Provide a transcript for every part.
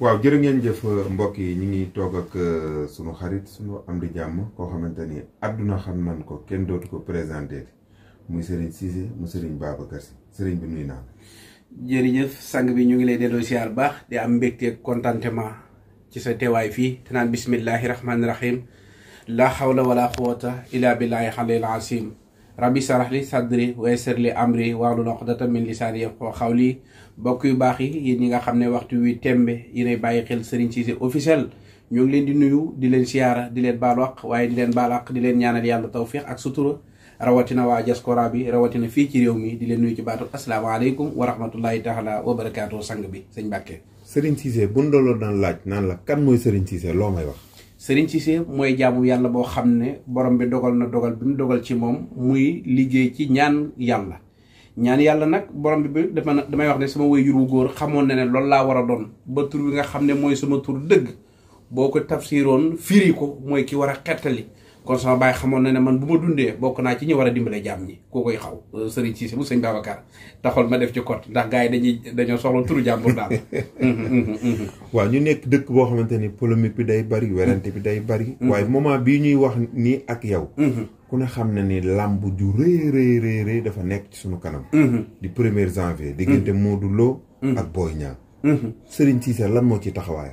waaw jërë jëf mbokk yi ñu ngi toog ak euh, sunu xarit sunu am di jàmm koo xamante ni àdduna xam nan ko kenn dootu ko présenté muy Serigne Cissé mu Serigne Babacar Sy Serigne bi nuy naa jërëjëf sang bi ñu ngi lay delloo siyaar baax de am mbégte contentement ci sa teewaay fii te naan bismillahi rahmaani rahim laa xaw xawla wala quwwata illa billahi xalil asim rabbi sarah li sadri wa yassir li amri wahlul uqdatan min lisaani xaw qawli bokk yu baax yi yéen ñi nga xam ne waxtu wi tembe yéenay bàyyi xel Serigne Cissé officiel ñoo ngi leen di nuyu di leen siyaara di leen baal waq waaye di leen baal waq di leen ñaanal yàlla tawfiq ak sutura rawatina waa diaspora bi rawatina fii ci réew mi di leen nuyu ci baatu asalaamaaleykum wa rahmatullahi taala wa barakaatu sang bi sëñ Mbàkke. Serigne Cissé bu ndaloon naan laaj naan la kan mooy Serigne Cissé loo may wax. Serigne Cissé mooy jaamu yàlla boo xam ne borom bi dogal na dogal bi dogal ci moom muy liggéey ci ñaan yàlla. ñaan yàlla nag borom bi dama damay wax ne sama waajur wu góor xamoon na ne lool laa war a doon ba tur bi nga xam ne mooy sama tur dëgg boo ko tafsiroon firi ko mooy kii war a xettali kon sama baay xamoon na ne man bu ma dundee bokk naa ci ñi war a dimbale jàmm ñi koo koy xaw euh, sëriñ Cissé bu sëñ Babacar taxoon ma def ci kot ndax gars yi dañuy dañoo soxla turu jàmbur daal waaw ñu nekk dëkk boo xamante ni polémique bi day bari werante bi day bari mhm. waaye moment bii ñuy wax nii ak yow mhm. ku ne xam ne ni làmb ju rëy rëy rëy dafa nekk ci suñu kanam mhm. di premier janvier diggante Modou Lo ak Boy Niang sëriñ Cissé lan moo ci taxawaay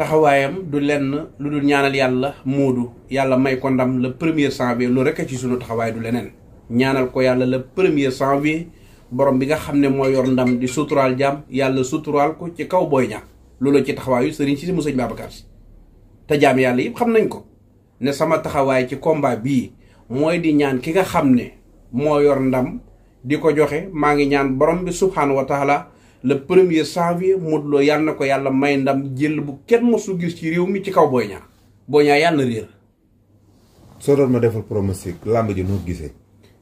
taxawaayam du lenn lu dul ñaanal yàlla moodu yàlla may ko ndam le premier janvier lu rek ci sunu taxawaay du leneen ñaanal ko yàlla la le premier janvier borom bi nga xam ne moo yor ndam di suturaal jàmm yàlla suturaal ko ci kaw booy ñaam loolu ci taxawaayu sëriñ si mu sëñ Babacar si te jaam yàlla yëpp xam nañ ko ne sama taxawaay ci combat bii mooy di ñaan ki nga xam ne moo yor ndam di ko joxe maa ngi ñaan borom bi subhaanahu le premier janvier mu Lo yàlla na ko yàlla may ndam jël bu kenn mosu gis ci réew mi ci kaw Boy Niang Boy ñaa yàlla na réer. soo doon ma defal pronostic làmb ji noo gisee.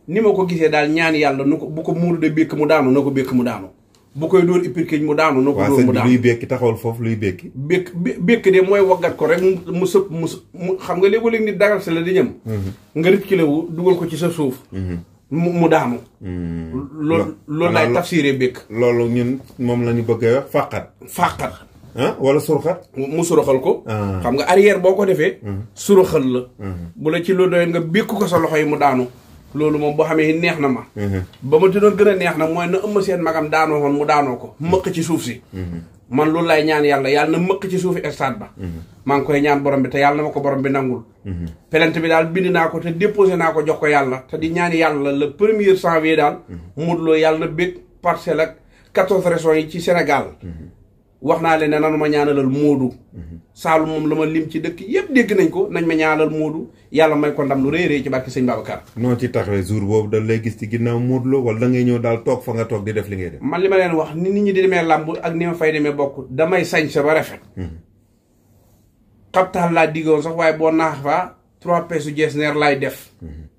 ni ma ko gisee daal ñaan yàlla nu ko bu ko muur de békk mu daanu na ko békk mu daanu bu koy dóor ipirkiñ mu daanu. na ko dóor mu daanu luy békki taxawul foofu luy békki. békk békk de mooy waggat ko rek mu sëpp mu mu xam nga léegoo léegi nit dagal si la di ñam. Mhm. nga rëcc wu dugal ko ci sa suuf. Mhm. mu mu daanu. Hmm. loolu loolu laay tafsiree békk. loolu ñun moom la ñu bëgg a fàqat. fàqat. wala suruxat. mu suruxal ko. Ah. xam nga arrière boo ko defee. Hmm. suruxal la. Hmm. bu la ci lu doyoon nga békk ko sa loxo yi mu daanu. loolu moom bu xamee neex na ma. ba ma ci doon gën a neex na mooy na ëmm seen magam daanoo woon mu daanoo ko mëq ci suuf si. man loolu laay ñaan yàlla yàlla na mëq ci suufi stade ba maa koy ñaan borom bi te yàlla na ma ko borom bi nangul pelente bi daal bind naa ko te déposé naa ko jox ko yàlla te di ñaan yàlla le premier janvier daal Modou loo yàlla na bég parcelle ak quatorze régions yi ci Sénégal wax naa leen ne nanu ma ñaanalal Moodu Saalum moom la ma lim ci dëkk yëpp dégg nañ ko nañ ma ñaanalal Moodu yàlla may ko ndam lu rëy rëy ci barke sëñ Babacar noo ci taxawee jour boobu da lay gis ci ginnaaw Moodu la wala da ngay ñëw daal toog fa nga toog di def li ngay def man li ma leen wax ni nit ñi di demee làmb ak ni ma fay demee bokk damay sañ sa ba rafet hmm. xabtaal laa diggoon sax waaye boo naax faa trois peesu jees neer laay def hmm.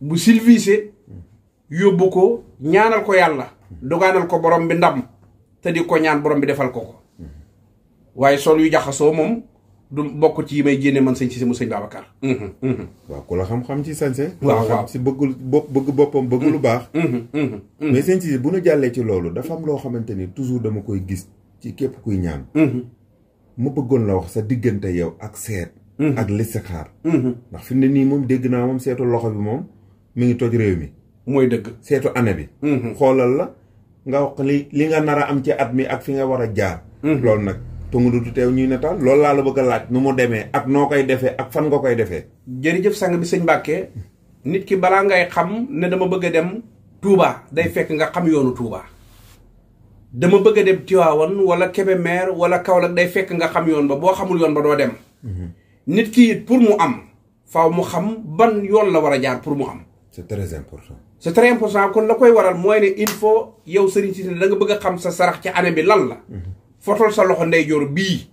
bu silvise yóbbu ko ñaanal ko yàlla hmm. dogaanal ko borom bi te di ko ñaan borom bi defal ko ko waaye sol yu jaxasoo moom du bokk ci yi may jénne man sëñ si mu sëñ Babacar. Mhm. Mhm. waaw ku la xam-xam ci sañse. waaw waaw si bëggul bopp bëgg boppam bëgg lu mhm. baax. mais sëñ si bu nu jàllee ci loolu dafa am loo xamante ni toujours dama koy gis ci képp kuy ñaan. mu bëggoon la wax sa diggante yow ak seet. ak listixaar. ndax fi nii moom dégg naa moom seetu loxo bi moom mi ngi toj réew mi. mooy dëgg seetu année bi. xoolal la. nga wax li li nga nar a am ci at mi ak fi nga war a jaar. Mm-hmm. loolu nag tungu du teew ñuy nataal loolu laa la bëgg laaj nu mu demee ak noo koy defee ak fan nga koy defee. jërëjëf sang bi sëñ Mbàkke nit ki balaa ngay xam ne dama bëgg a dem Touba day fekk nga xam yoonu Touba. dama bëgg a dem Tiwaawan wala Kébémer wala Kaolack day fekk nga xam yoon ba boo xamul yoon ba doo dem. Mm-hmm. nit ki it pour mu am faw mu xam ban yoon la war a jaar pour mu am. c'est très important. c'est très important kon la koy waral mooy ne il faut yow Serigne Cissé da nga bëgg a xam sa sarax ci année bi lan la. Mhm. fotol sa loxo ndeyjoor bii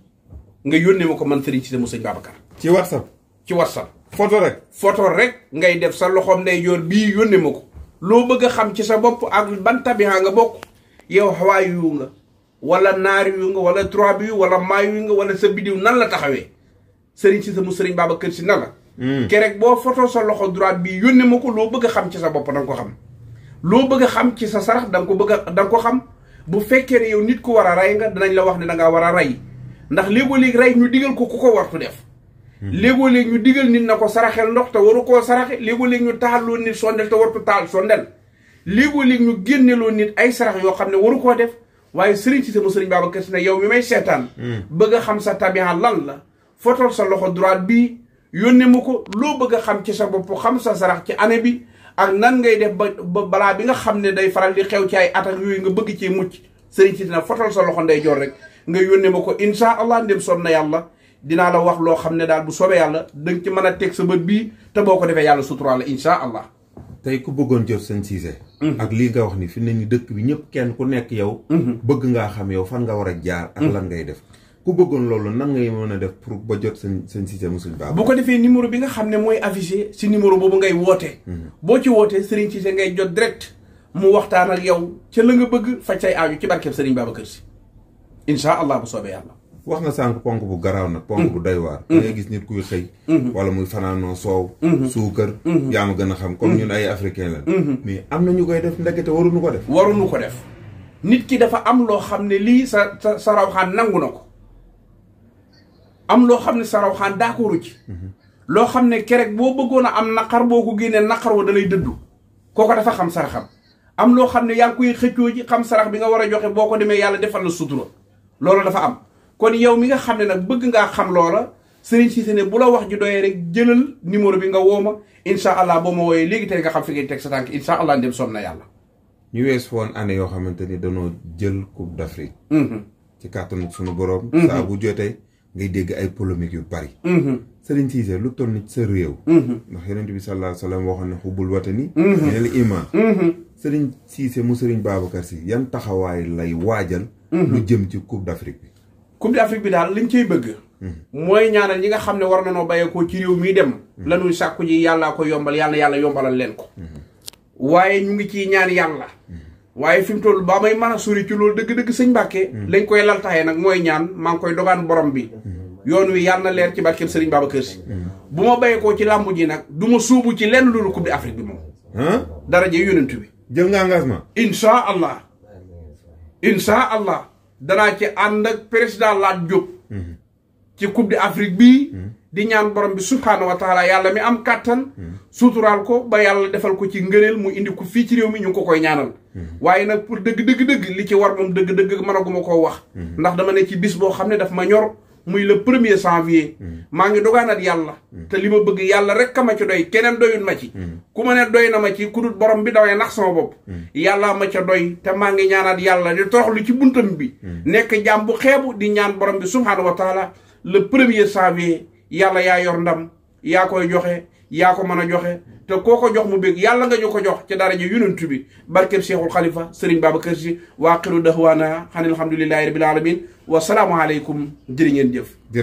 nga yónnee ma ko man Serigne Cissé mu sëñ Babacar. ci whatsapp. ci whatsapp. foto rek. foto rek ngay def sa loxo ndeyjoor bii yónnee ma ko. loo bëgg a xam ci sa bopp ak ban tabiha nga bokk. yow xawaay yu nga. wala naar yu nga wala trois bi wala maay yu nga wala sa bidiw nan la taxawee Serigne Cissé mu sëriñ Babacar si nan la. Hmm. kerek boo foto sa loxo droite bi yónnee ma ko loo bëgg xam ci sa bopp danga ko xam loo bëgg xam ci sa sarax danga ko bëgg a danga ko xam bu fekkee ne yow nit ku war a rey nga danañ la wax ne dangaa war a rey ndax léegoo léegi rey ñu digal ko ku ko wartu def hmm. léegoo léegi ñu digal nit na ko saraxel ndox te waru koo saraxe léegoo léeg ñu taxalloo nit sondel te wartu taal sondel léegoo léegi ñu génneloo nit ay sarax yoo xam ne waru koo def waaye sëriñ si sama sëriñ Babacar Si yow mi may seetaan hmm. bëgg a xam sa tabiha lan la fotol sa loxo droite bii yónnee ma ko loo bëgg xam ci sa bopp xam sa sarax ci année bi ak nan ngay def ba balaa bi nga xam ne day faral di xew ci ay at ak yooyu nga bëgg ci mucc sëriñ si dina fotal sa loxo ndey rek nga yónnee ma ko insha allah ndem soob na yàlla dinaa la wax loo xam ne daal bu soobee yàlla danga ci mën a teg sa bët bii te boo ko defee yàlla suturaal la insha allah. tey ku bëggoon jot seen Cissé. Mhm. ak lii nga wax ni fi ne ni dëkk bi ñëpp kenn ku nekk yow. Mhm. bëgg ngaa xam yow fan nga war a jaar. ak mhm. lan ngay def. ku bëggoon loolu nan ngay mën a def pour ba jot seen seen Cissé mu suñ baax. bu ko defee numéro bi nga xam ne mooy affiché si numéro boobu ngay wootee. Mhm. boo ci wootee Serigne Cissé ngay jot direct mu waxtaan ak yow ca la nga bëgg faj say aaju ci barkeeb Serigne Babacar Sy incha allah bu soobee yàlla. wax nga sànq ponk bu garaaw nag. ponk bu doy waar. Mhm. Mhm. da ngay gis nit kuy xëy. wala muy fanaanoo soow. suukar. yaa ma gën a xam comme ñun ay africain la. mais am na ñu koy def ndekete waruñu ko def. waruñu ko def nit ki dafa am loo xam ne lii sa sa sa rawxaan nangu ko. am loo xam ne sa rawxaan d'accordu ci loo xam ne kerek boo bëggoon a am naqar boo ko génnee naqar wa da lay dëddu kooko dafa xam saraxam am loo xam ne yaa ngi koy xëccoo ji xam sarax bi nga war a joxe boo ko demee yàlla defal na sutura loolu dafa am kon yow mi nga xam ne nag bëgg ngaa xam loola sëriñ Cissé ne bu la wax ji doy rek jëlal numéro bi nga woo ma incha allah boo ma wooyee léegi tey nga xam fi ngay teg sa tànk incha allah ndem soom na yàlla ñu wees woon année yoo xamante ni danoo jël coupe d'Afrique mhm. ci ngay dégg ay polémique yu bari. Mm-hmm. Serigne Cissé lu toll ni sa réew. Mm-hmm. ndax yonent bi sallallahu alayhi wa sallam waxoon na xubbul watani. yeneen mm-hmm. iman. Serigne Cissé mu Serigne Babacar Sy yan taxawaay lay waajal. lu jëm ci coupe d' bi. coupe d' Afrique bi daal liñ cey bëgg. mooy ñaanal ñi nga xam ne war na noo bàyyeekoo ci réew mii dem. lanuy sàkku ji yàllaa ko yombal yàlla yàlla yombalal leen ko. waaye ñu ngi ciy ñaan yàlla. waaye fi mu toll ba may mën a sori ci loolu dëgg-dëgg sëñ Mbàkke mm. lañ koy laltaxee nag mooy ñaan maa ngi koy dogaan borom bi mm. yoon wi yàlla na leer ci barkeb sëriñ Babacar Si mm. bu ma bayeekoo ci làmb ji nag duma ma suubu ci lenn loolu coupe d'Afrique bi moom daraje yonent bi jël nga engagement insha allah insha allah danaa ci ànd ak président Lat Diop ci coupe d'Afrique bii di ñaan borom bi subhaanahu wa taala yàlla mi am kàttan suturaal ko ba yàlla defal ko ci ngëneel mu indi ko fii ci réew mi ñu ko koy ñaanal waaye nag pour dëgg dëgg dëgg li ci war moom dëgg dëgg mënaguma koo wax ndax dama ne ci bis boo xam ne dafa ma ñor muy le premier janvier maa ngi dogaanat yàlla te li ma bëgg yàlla rek a ma ci doy keneen doyul ma ci ku ma ne doy na ma ci ku borom bi dawee nax sama bopp yàllaa ma ca doy te maa ngi ñaanaat yàlla di toroxlu ci buntam bi nekk jaam bu xeebu di ñaan borom bi subhaanahu wa taala le premier janvier yàlla yaa yor ndam yaa koy joxe yaa ko mën a joxe te koo ko jox mu bég yàlla nga ñu ko jox ci daraja yonent bi barkeb Cheikhul Khalifa Serigne Babacar Sy waaqiru dahwaana xanil alhamdulillahi rabbil alamin wa salaamu aleykum jërë ngeen jëf